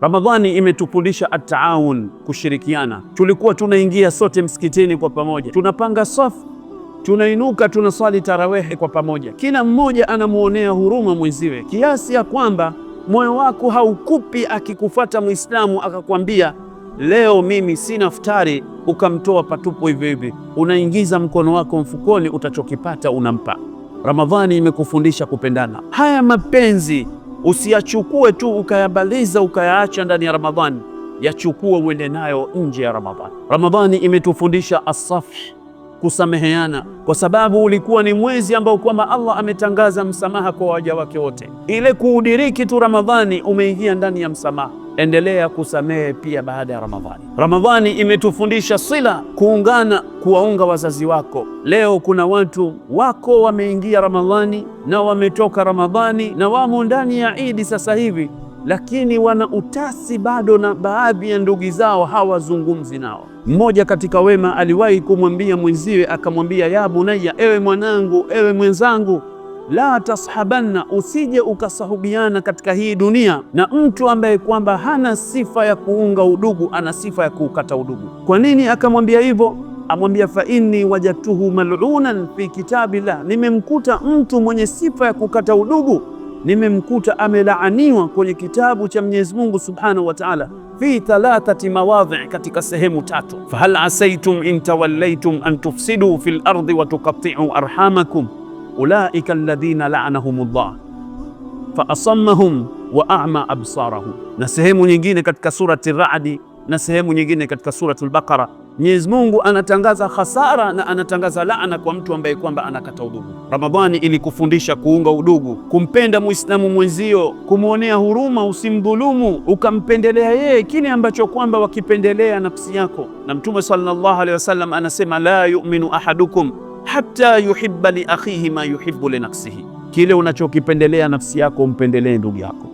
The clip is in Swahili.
Ramadhani imetufundisha ataaun kushirikiana. Tulikuwa tunaingia sote msikitini kwa pamoja, tunapanga safu, tunainuka, tunaswali tarawehe kwa pamoja, kila mmoja anamwonea huruma mwenziwe, kiasi ya kwamba moyo wako haukupi akikufata Muislamu akakwambia leo mimi sina futari, ukamtoa patupo hivyo hivi, unaingiza mkono wako mfukoni, utachokipata unampa. Ramadhani imekufundisha kupendana, haya mapenzi Usiyachukue tu ukayabaliza ukayaacha ndani ya Ramadhani, yachukue uende nayo nje ya Ramadhani. Ramadhani imetufundisha asafi, kusameheana, kwa sababu ulikuwa ni mwezi ambao kwamba Allah ametangaza msamaha kwa waja wake wote. Ile kuudiriki tu Ramadhani, umeingia ndani ya msamaha endelea kusamehe pia baada ya Ramadhani. Ramadhani imetufundisha sila, kuungana, kuwaunga wazazi wako. Leo kuna watu wako wameingia Ramadhani na wametoka Ramadhani na wamo ndani ya Idi sasa hivi, lakini wana utasi bado na baadhi ya ndugu zao hawazungumzi nao. Mmoja katika wema aliwahi kumwambia mwenziwe, akamwambia ya bunaya ewe mwanangu, ewe mwenzangu la tashabanna, usije ukasahubiana katika hii dunia na mtu ambaye kwamba hana sifa ya kuunga udugu, ana sifa ya kuukata udugu. Kwa nini akamwambia hivyo? Amwambia, fa inni wajadtuhu malunan fi kitabillah, nimemkuta mtu mwenye sifa ya kukata udugu, nimemkuta amelaaniwa kwenye kitabu cha Mwenyezi Mungu Subhanahu wa Ta'ala, fi thalathati mawadhi, katika sehemu tatu. Fahal asaitum in tawallaitum an tufsidu fil ardi wa tuqatti'u arhamakum ulaika alladhina la'anahumullah fa asammahum wa a'ma absarahum, na sehemu nyingine katika surati raadi na sehemu nyingine katika suratul Baqara. Mwenyezi Mungu anatangaza hasara na anatangaza laana kwa mtu ambaye kwamba anakata udugu. Ramadhani ilikufundisha kuunga udugu, kumpenda Muislamu mwenzio, kumwonea huruma, usimdhulumu, ukampendelea yeye kile ambacho kwamba wakipendelea nafsi yako. Na Mtume sallallahu alaihi wasallam anasema la yu'minu ahadukum hata yuhibba li akhihi ma yuhibbu li nafsihi, kile unachokipendelea nafsi yako umpendelee ndugu yako.